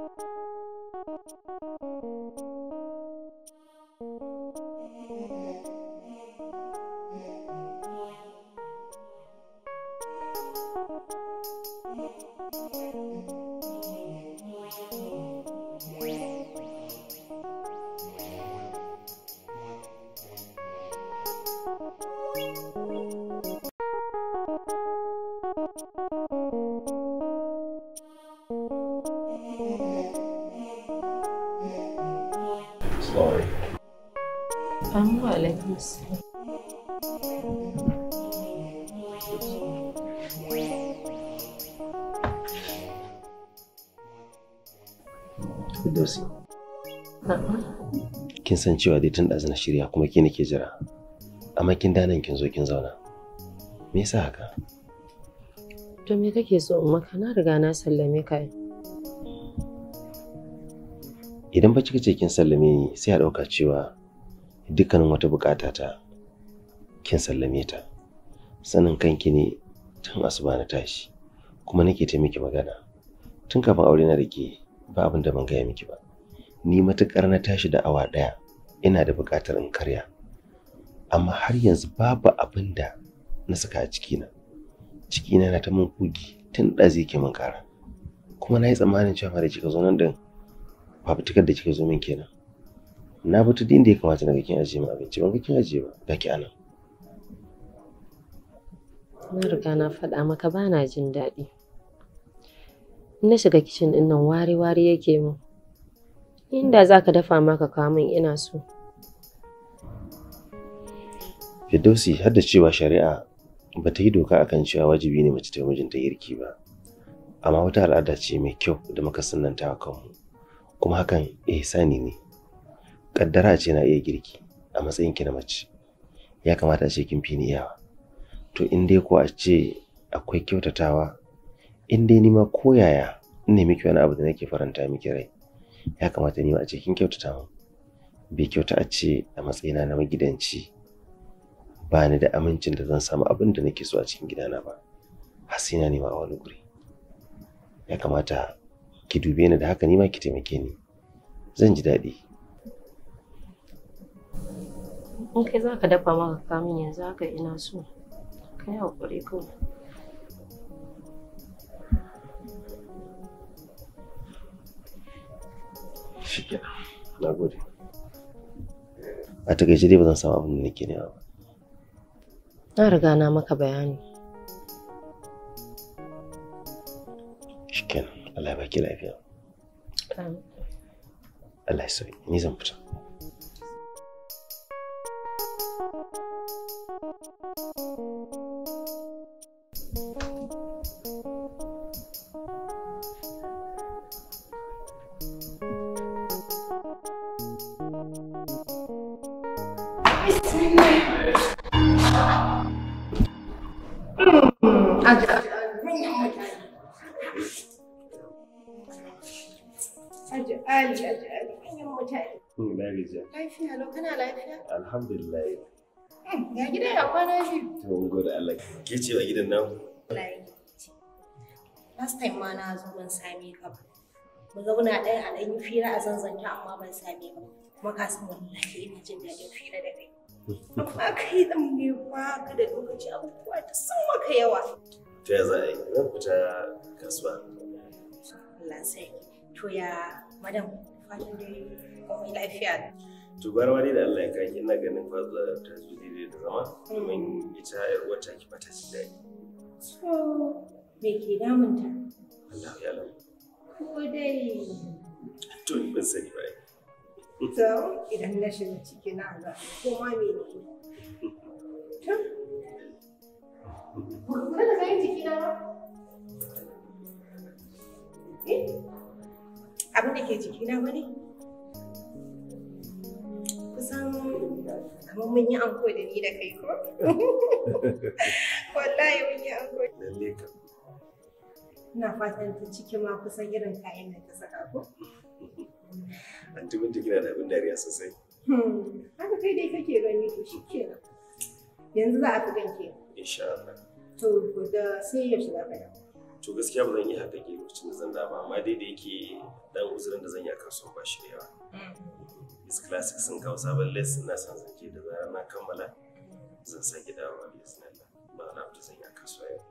Thank you. Deus. Kin san cewa dai tun ɗazu na shirya kuma ke jira. Amma kin danan kin zo kin zauna. Me yasa haka? To me kake so in maka na riga na sallame ka. Idan ba kika ce kin sallame ni sai a ɗauka cewa dukkanin wata bukata ta kin sallame ta sanin kanki ne tun asuba na tashi kuma nake ta miki magana tun kafin aure na rike ba abin da ban gaya miki ba ni matukar na tashi da awa daya ina da bukatar in karya amma har yanzu babu abin da na saka a cikina cikina na ta mun kugi tun da zai ke mun kara kuma na yi tsammanin cewa da kika zo nan din tukar da kika zo min kenan na fito din da ya kamata na kin ajiye min abinci ban ga kin ajiye ba ga ki anan na riga na faɗa maka ba na jin daɗi na shiga kicin ɗin nan wari-wari yake min inda za ka dafa maka kawo min ina so Firdausi har da cewa shari'a ba ta yi doka akan cewa wajibi ne mace ta mijinta girki ba amma wata al'ada ce mai kyau da muka sananta kanmu kuma hakan eh, sani ne kaddara ce na iya girki a matsayin ki na mace ya kamata a ce kin fi ni iyawa to in dai ko a ce akwai kyautatawa in dai ni ma ko yaya in ne miki wani abu da nake faranta miki rai ya kamata ni ma a ce kin kyautata mu bai kyauta a ce a matsayina na magidanci ba ni da amincin da zan samu abin da nake so a cikin gidana ba hasina ne ma a wani guri ya kamata ki dube ni da haka ni ma ki taimake ni zan ji daɗi in kai za ka dafa maka kamun yanzu haka ina so ka yi haƙuri shikenan na gode a takaice dai ba zan samu abin da nake nema ba na riga na maka bayani shikenan Allah ya baki lafiya Allah ya sauya ni zan fita kwana biyu. gode Allah. Ke ce a gidan nan? Wallahi. Last time ma na zo ban same ka ba. Mu zauna ɗaya a ɗan yi fira a zanzanta amma ban same ka. Kuma ka san wallahi ina jin daɗin fira da kai. Amma kai ɗan ba da lokaci abubuwa da maka yawa. To ya za a yi? Zan fita kasuwa. Allah sai. To ya madam fatan dai komai lafiya. tubarwari da Allah ya kai ina ganin za ta zo daidai da zama domin ita yar wata ki bata ji daɗi. So me ke damunta? Allah ya lamu. Ko dai. To ni ban sani ba. To idan na shiga cikin na ga ko ma me ne. Kuna da kai ciki na ba. Eh? Abin da ke ciki na ba ne? san kamar mun yi anko da ni da kai ko wallahi mun yi anko lalle ka ina fatan ta ciki ma kusan irin kayan da ta saka ko an tubin ta kina da abin dariya sosai hmm. haka kai dai kake gani to shikenan yanzu za a fi ganke insha Allah to da sai yaushe za ka dawo to gaskiya ba zan yi haka ke lokacin da zan ba amma dai da yake dan uzurin da zan yi a kasuwan ba shi da yawa mm. is classic sun kawo sabon lesson na san zan je da zara na kammala zan sake dawowa da lesson ba na fita zan yi a kasuwa yau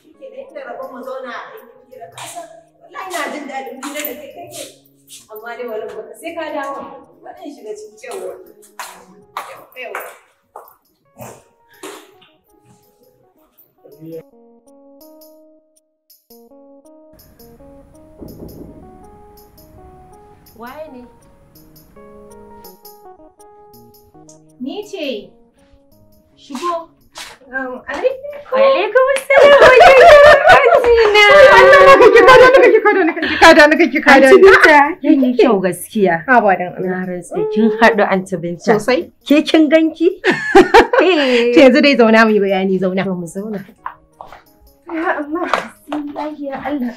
shi ke da inda rabon mu zauna a ɗin kira kasa wallahi na jin daɗin gida da kai kake amma dai wani baka sai ka dawo wannan shiga cikin cewa yau yau Yeah. Waye ne? Ni ce. Shigo. Um, alaikum salam wajena. Ah, Allah na kake kada na kake kada na kake kada na kake kada. Anti kin yi kyau gaskiya. Ha Allah. Na rantsa kin haɗu Anti Binta. Sosai. Ke kin ganki? Eh. yanzu dai zauna mu yi bayani zauna. To mu zauna. Ya Allah, ya Allah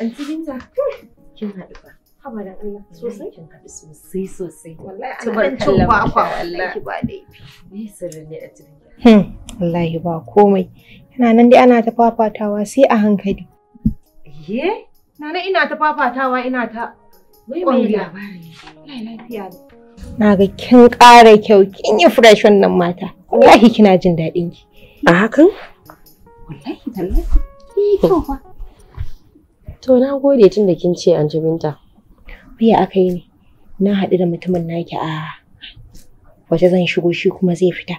kin haɗu ba Allah sosai kin haɗu sosai sosai wallahi ana cin kwakwa wallahi ba laifi me sirrin ne a cikin hmm, wallahi ba komai yana nan dai ana ta fafatawa sai a hankali ye ina ta fafatawa ina ta wai mai lafiya na ga kin ƙara kyau kin yi fresh wannan mata wallahi kina jin daɗin ki a hakan wallahi ki kyau To na gode tun da kin ce an Binta. Biya aka yi ne. Na haɗu da mutumin naki a waje zan shigo shi kuma zai fita.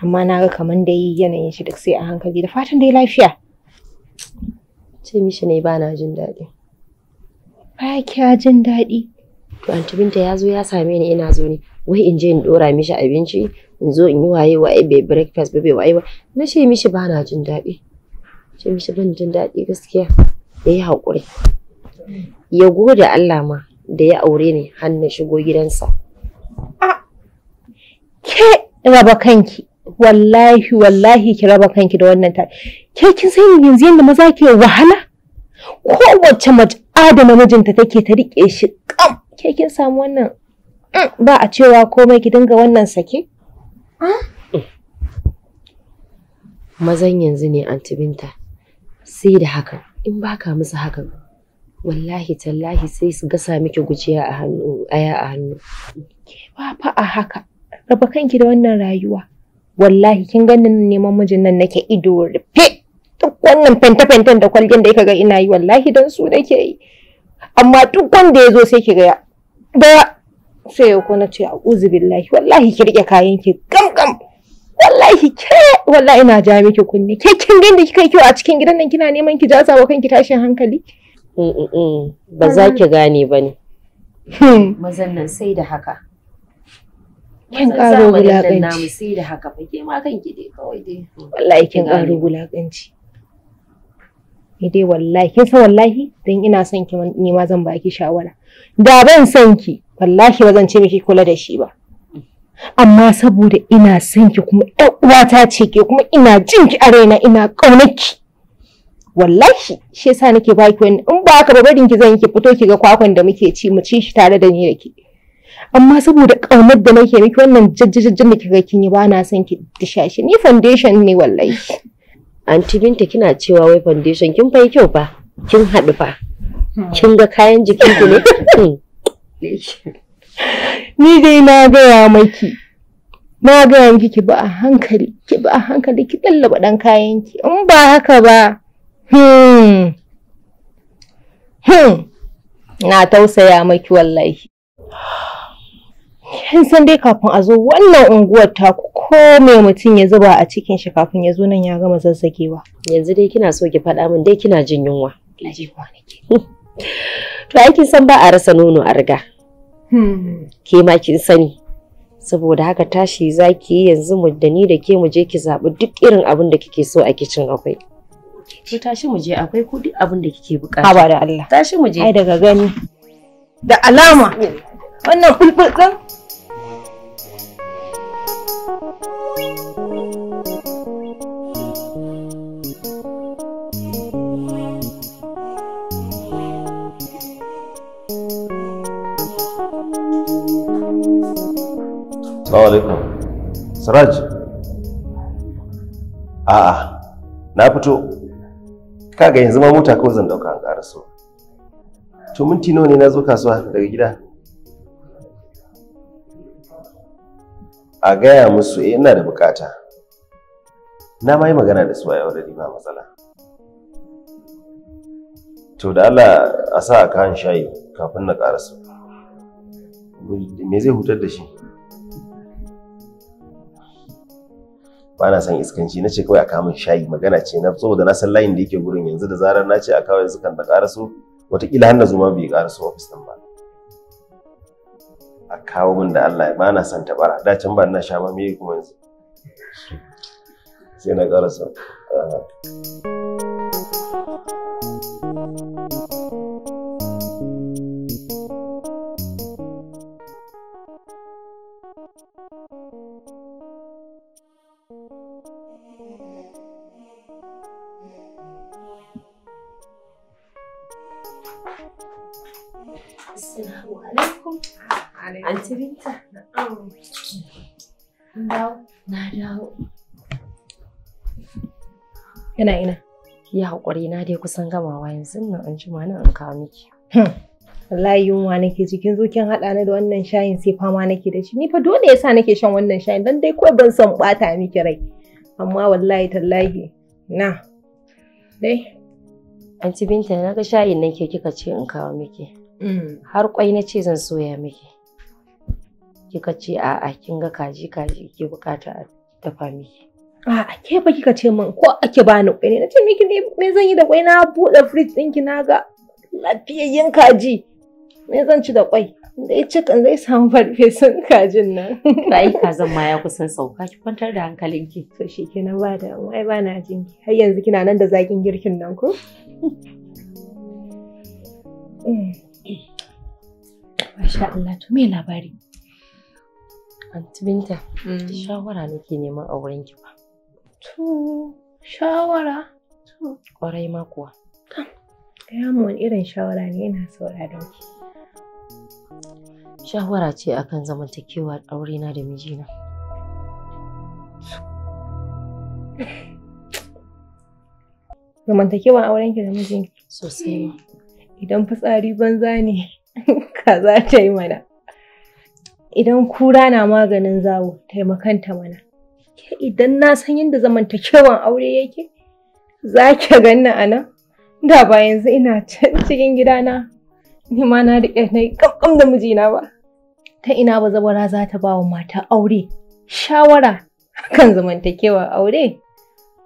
Amma na ga kaman yanayin shi duk sai a hankali da fatan dai lafiya. Ce mishi ne ba na jin daɗi. Ba kya jin daɗi. To Aunty Binta ya zo ya same ni ina zo ne. Wai in je in ɗora mishi abinci in zo in yi waye waye bai breakfast ba bai waye ba. Na ce mishi ba na jin daɗi. Ce mishi ban jin daɗi gaskiya. ya yi haƙuri ya gode Allah ma da ya aure ni har shigo gidansa ke raba kanki wallahi wallahi ki raba kanki da wannan ta ke kin san yanzu yanda maza ke wahala kowace mace na mijinta take ta riƙe shi kam ke kin samu wannan mm, ba a cewa komai ki dinga wannan sake mazan yanzu ne antibinta sai da hakan in baka musu hakan wallahi tallahi sai su gasa miki gujiya a hannu aya a hannu ke ba fa a haka raba kanki da wannan rayuwa wallahi kin ganin neman mijin nan nake ido rufe duk wannan fente-fenten da kwalgin da ga ina yi wallahi dan su nake yi amma duk wanda ya zo sai ki ga ba sai ya kuna ce a uzu billahi wallahi ki rike kayan ki gam gam wallahi ke wallahi ina ja miki kunne ke kin ga inda kika kyau a cikin gidan nan kina neman ki jasa wa kanki tashin hankali mm, mm, mm. ba za ki gane ba ne hmm. mazan nan sai da haka kin karo wulakanci namu sai da haka fa ke ma kanki dai kawai dai wallahi kin karo wulakanci ni dai wallahi kin san wallahi dan ina son ki ni ma zan baki shawara da ban son ki wallahi ba zan ce miki kula da shi ba amma saboda ina son ki kuma ƴan uwata ce ke kuma ina jin ki a raina ina ƙaunar ki wallahi shi yasa nake ba ki wani in ba haka ba barin ki zan ki fito ki ga kwakwan da muke ci mu ci shi tare da ni da ke amma saboda ƙaunar da nake miki wannan jajjajjajjan da kika kin yi ba na son ki disha shi ni foundation ne wallahi anti binta kina cewa wai foundation kin fa kyau ba? kin haɗu fa hmm. kin ga kayan jikin ki ne hmm. ni dai na gaya maki na gaya miki ki bi a hankali ki bi a hankali ki lallaba dan kayanki, in ba haka ba hmm hmm na tausaya maki wallahi kin san dai kafin a zo wannan unguwar taku ko me mutum ya zuba a cikin shi kafin ya zo nan ya gama zazzagewa yanzu dai kina so ki faɗa min dai kina jin yunwa to aikin san ba a rasa nono a riga ke ma kin sani saboda haka tashi zaki yanzu mu da ni da ke mu je ki zaɓi duk irin abin da kike so a kicin akwai ki tashi mu je akwai ko duk abin da kike bukata haba da Allah tashi mu je ai daga gani da alama wannan fulfulɗin Assalamu alaikum. Siraj. A'a, na fito. Kaga yanzu ma mota kawai zan dauka an karaso. To minti nawa ne na zo kasuwa daga gida? A gaya musu eh ina da bukata. Na ma magana da su a yau da ba matsala. To da Allah a sa a kan shayi kafin na karasa. Me zai hutar da shi? ba na son iskanci na ce kawai a kamun shayi magana ce na saboda na san layin da yake gurin yanzu da zarar na ce a kawai yanzu kan da karaso wataƙila har na zuma bai karaso a ɗin ba a kawo min da Allah ba na son tabara da can ba na sha ba me kuma yanzu sai na you. Anti Binta. dawo? Na dawo. Yana ina? Ya haƙuri na dai kusan gamawa yanzu nan an jima nan an kawo miki. Hmm. Wallahi yunwa nake cikin zo kin haɗa ni da wannan shayin sai fama nake da shi. Ni fa dole yasa nake shan wannan shayin dan dai kawai ban san ɓata miki rai. Amma wallahi tallahi na. Dai. Anti Binta na ga shayin nan ke kika ce in kawo miki. Hmm. Har kwai na ce zan soya miki. kika ce a'a kin ga kaji kaji ke bukata a dafa miki a'a ke ba kika ce min ko ake bani kwai ne na ce miki me zan yi da kwai na buɗe fridge ki na ga lafiyayyen kaji me zan ci da kwai dai cikin zai samu farfesun kajin nan. ka zan ma ya kusan sauka ki kwantar da hankalinki. To shi kenan ba da ai ba na jin har yanzu kina nan da zakin girkin nan ko? Mm. Masha Allah to me labari? Aunty Binta, mm. shawara nake neman auren ki ba. To, shawara? To, ƙwarai ma kuwa. Gaya mu wani irin shawara ne ina sauraron ki. Shawara ce akan zamantakewa aurena da mijina. Zamantakewa auren ki da mijinki? Sosai. Idan fitsari banza ne, kaza ta yi mana. Idan kura na maganin zawo, taimakanta mana. Ke idan na san yadda zamantakewan aure yake, za ki ganna a nan. Da ba yanzu ina can cikin gidana, ni ma na riƙe na yi da mijina ba. Ta ina ba zabara za ta ba wa mata aure, shawara kan zamantakewan aure?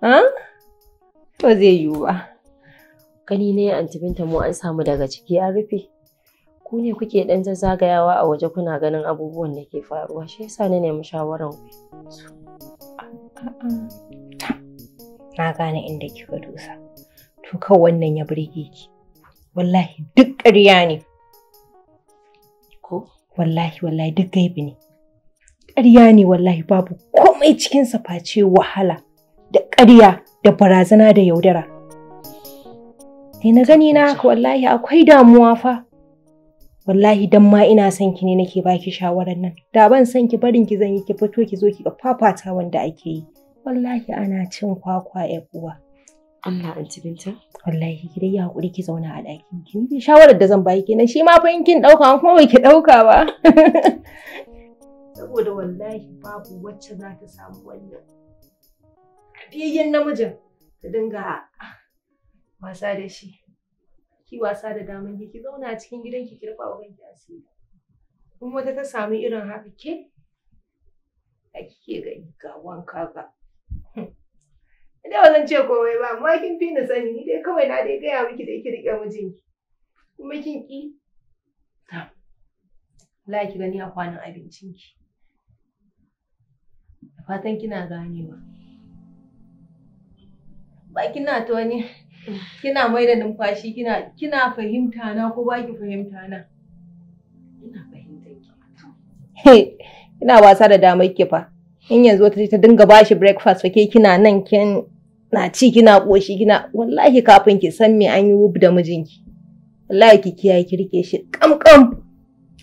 Ha? Ah? To zai yiwu ba. Gani ne an tabinta mu an samu daga ciki an rufe. ku ne kuke dan zazzagayawa a waje kuna ganin abubuwan da ke faruwa shi yasa na nemi shawaran ku na gane inda kika dosa to kan wannan ya burge ki wallahi duk ƙarya ne ko wallahi wallahi duk gaibi ne ƙarya ne wallahi babu komai cikin face wahala da ƙarya da barazana da yaudara ni na gani na wallahi akwai damuwa fa wallahi dan ma ina son ki ne nake baki shawarar nan da ban san ki barin ki zan yi ki fito ki zo ki ga fafata wanda ake yi wallahi ana cin kwakwa ya uwa Allah anti binta wallahi ki dai hakuri ki zauna a ɗakin ki shawarar da zan baki kenan shi ma fa in kin dauka kuma bai ki dauka ba saboda wallahi babu wacce za ta samu wannan fiyayyen namijin da dinga wasa da shi ki wasa da daman ki zauna a cikin gidan ki kirfa wa kanki asiri in wata ta samu irin haka ke a kike ga ga wanka ga Ina ba zan ce komai ba amma kin fi na sani ni dai kawai na dai gaya miki da ki rike mijinki kuma kin ki la ki gani a kwanan abincin ki fatan kina ganewa ba kina ta wani kina mai da numfashi kina kina fahimta na ko ba ki fahimta na ina fahimta ki ina wasa da damar ki fa in yanzu wata ta dinga bashi breakfast ke kina nan kin na ci kina koshi kina wallahi kafin ki san me an yi wub da mijinki wallahi ki kiyaye ki rike shi kamkam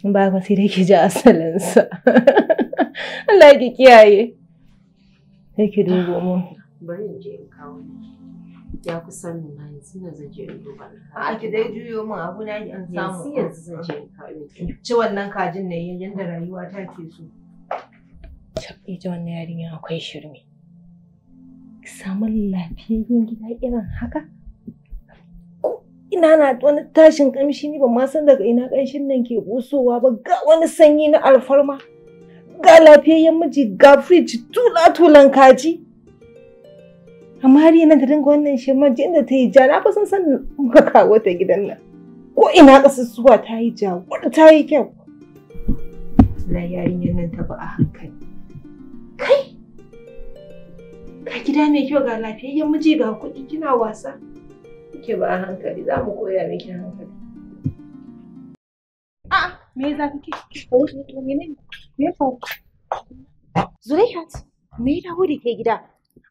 in ba ka sai dai ki ji sa wallahi ki kiyaye sai ki dubo mu bari in je ya kusan nuna yanzu na zan in duba na a ki dai juyo min abu na an samu yanzu yanzu zan je in ci wannan kajin ne yadda rayuwa ta ke so ita wannan yarinya akwai shirme ki samu lafiyayyen gida irin haka ina na wani tashin kamshi ni ban ma san daga ina kanshin nan ke busowa ba ga wani sanyi na alfarma ga lafiyayyen miji ga fridge tula tulan kaji amma har yana da dinga wannan shirma ji inda ta yi ja na kusan san san muka kawo ta gidan nan ko ina kasussuwa ta yi ja wani ta yi kyau na yarinyar nan ta ba a hankali kai ka gida mai kyau ga lafiyayyen miji ga kuɗi kina wasa kike ba a hankali za mu koya miki hankali a'a me za ka ke me ya faru Zulaihat me ya dawo da ke gida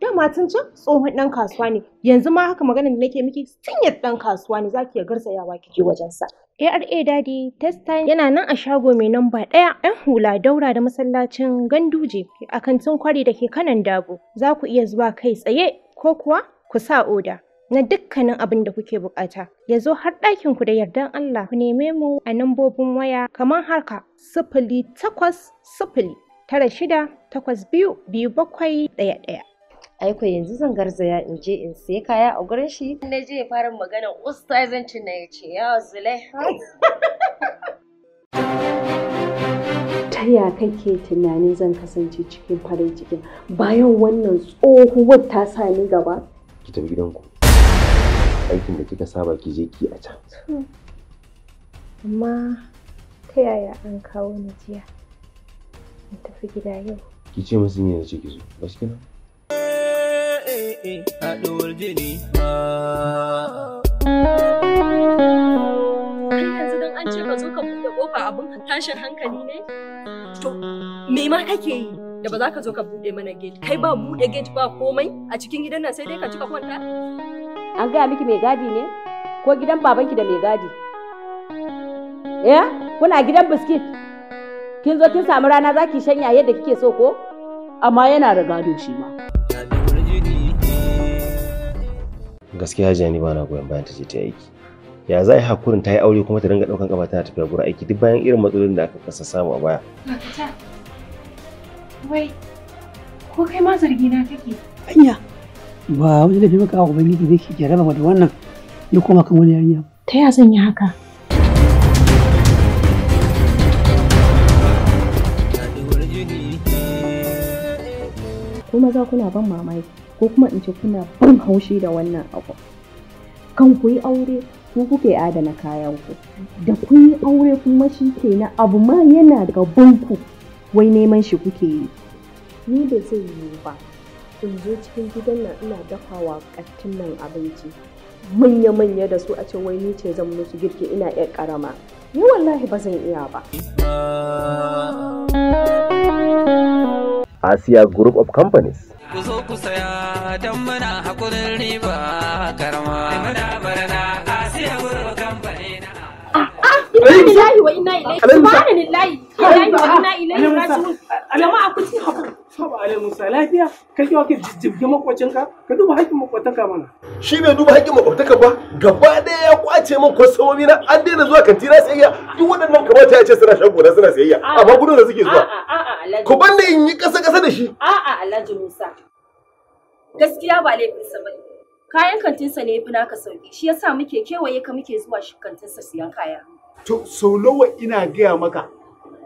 dama tun can tsohon ɗan kasuwa ne yanzu ma haka maganar da nake miki sun ɗan kasuwa ne zaki ya garzayawa kike wajen sa ARA Daddy test time yana nan a shago mai namba ɗaya ‘yan hula daura da masallacin ganduje a kantin kwari da ke kanan dabo za ku iya zuwa kai tsaye ko kuwa ku sa oda na dukkanin abin da kuke bukata ya zo har ɗakin ku da yardan Allah ku neme mu a nambobin waya kamar harka sifili takwas sifili tara shida takwas biyu biyu bakwai ɗaya ɗaya. aiko yanzu zan garzaya in je in sai kaya a gurin shi na je fara magana ustazancin na ya ce ya zule ta ya kake tunanin zan kasance cikin farin ciki bayan wannan tsohuwar ta sa ni gaba ki tafi gidanku aikin da kika saba ki je ki a can amma ta yaya an kawo ni jiya in tafi gida yau ki ce musu ne da ciki zo gaskiya haɗuwar jini yanzu don an ce ka zo ka buɗe ƙofa abin tashin hankali ne to me ma kake yi da ba za ka zo ka buɗe mana gate kai ba buɗe gate ba komai a cikin gidan nan sai dai ka cika kwanta an gaya miki mai gadi ne ko gidan babanki da mai gadi eh kuna gidan biskit kin zo kin samu rana zaki shanya yadda kike so ko amma yana da gado shi ma gaskiya hajiya ni ba na goyon bayan ta je ta aiki ya za a yi hakurin ta yi aure kuma ta dinga ɗaukan kafa tana tafiya gura aiki duk bayan irin matsalolin da aka kasa samu a baya. Dakata, wai ko kai ma zargi na kake? Anya, ba wani laifin maka abu bangiji ne ke jaraba da wannan ya koma kan wani yarinya. Ta ya zan yi haka? Kuma za kuna ban mamaki. ko kuma in ce kuna ban haushi da wannan abu kan ku yi aure ku kuke adana kayan ku da kun yi aure kuma shi ke na abu ma yana gaban ku wai neman shi kuke yi ni da zai yi ba in zo cikin gidan nan ina dafawa kattin nan abinci manya-manya da su a ce wai ni ce zan musu girki ina yar karama ni wallahi ba zan iya ba Asia Group of Companies ku zo ku saya don muna hakurin riba karama. Muna barna Asiya Gurba kamfani na. Inna lillahi wa inna ilaihi subhanallahi wa inna ilaihi raji'un. Jama'a ku ci hakuri. haba alai musa lafiya kai kiwa ka jijjibge makwacinka ka duba haƙƙin makwataka mana shi bai duba haƙƙin makwataka ba gaba ɗaya ya kwace min kwastomomi na an daina zuwa kantina sayayya duk waɗannan kamata ya ce suna shan gona suna sayayya amma gudun da suke zuwa ku ban da in yi ƙasa ƙasa da shi a'a alhaji musa gaskiya ba laifinsa ba kayan kantinsa ne ya fi naka sauki shi yasa muke kewaye ka muke zuwa shi kantinsa siyan kaya to sau nawa ina gaya maka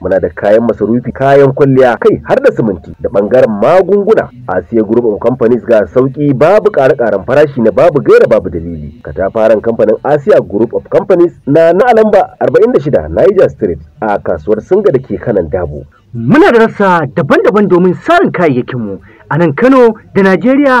muna da kayan masarufi kayan kwalliya kai har da siminti da bangaren magunguna asiya group of companies ga sauki babu ƙare-ƙaren farashi na babu gaira babu dalili katafaren kamfanin Asia group of companies na na alamba 46 niger street a kasuwar singa da ke kanan dabu. muna da rasa daban-daban domin sarin kayayyakinmu a nan kano da najeriya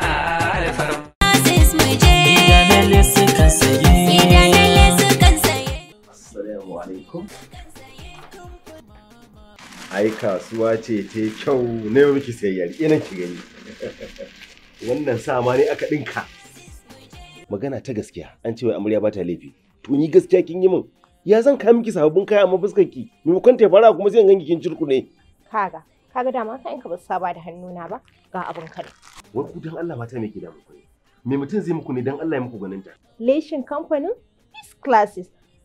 lalle sukan saye assalamu ai kasuwa ce ta kyau ne miki sayayyar ina ki gani wannan sama ne aka ɗinka. magana ta gaskiya an ce wai amarya ba ta laifi to ni gaskiya kin yi min ya zan kai miki sababbin kaya amma fuskar ki maimakon ta fara kuma zan ganki kin ne. kaga kaga dama ka ka ba saba da hannuna ba ga abin kan wai ku dan Allah mata me ke da muku me mutum zai muku ne don Allah ya muku ganin ta leshin kamfanin peace classes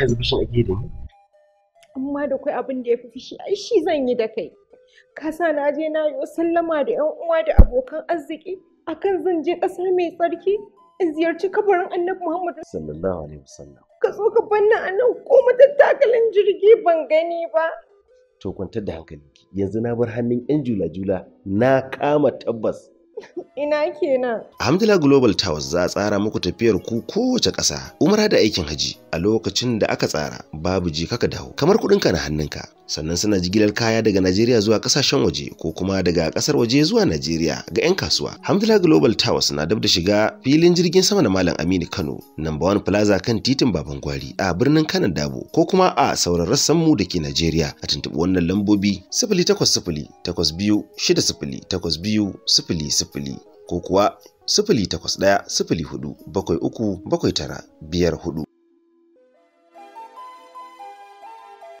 amma zubi shi a da ni amma da kai abin da ya fi fushi ai shi zan yi da kai ka sa na je na yi sallama da yan uwa da abokan arziki akan zan je ƙasa mai tsarki in ziyarci kabarin annabi Muhammad sallallahu alaihi wasallam ka zo ka banna a nan ko matattakalin jirgi ban gani ba to kwantar da hankalinki yanzu na bar hannun yan jula-jula na kama tabbas Ina kenan. Hamdila Global Towers za a tsara muku tafiyar ku kowace ƙasa, umara da aikin haji a lokacin da aka tsara babu ji kaka dawo. Kamar kuɗinka na hannunka. Sannan suna jigilar kaya daga Najeriya zuwa ƙasashen waje ko kuma daga ƙasar waje zuwa Najeriya ga 'yan kasuwa. Hamdila Global Towers na dab da shiga filin jirgin sama da Malam Aminu Kano, Number One Plaza kan titin Baban Gwari a birnin Kano Dabo ko kuma a sauran mu da ke Najeriya a tuntuɓi wannan lambobi sifili takwas sifili takwas biyu sifili ko kuwa sifili takwas ɗaya sifili hudu bakwai uku bakwai tara biyar hudu.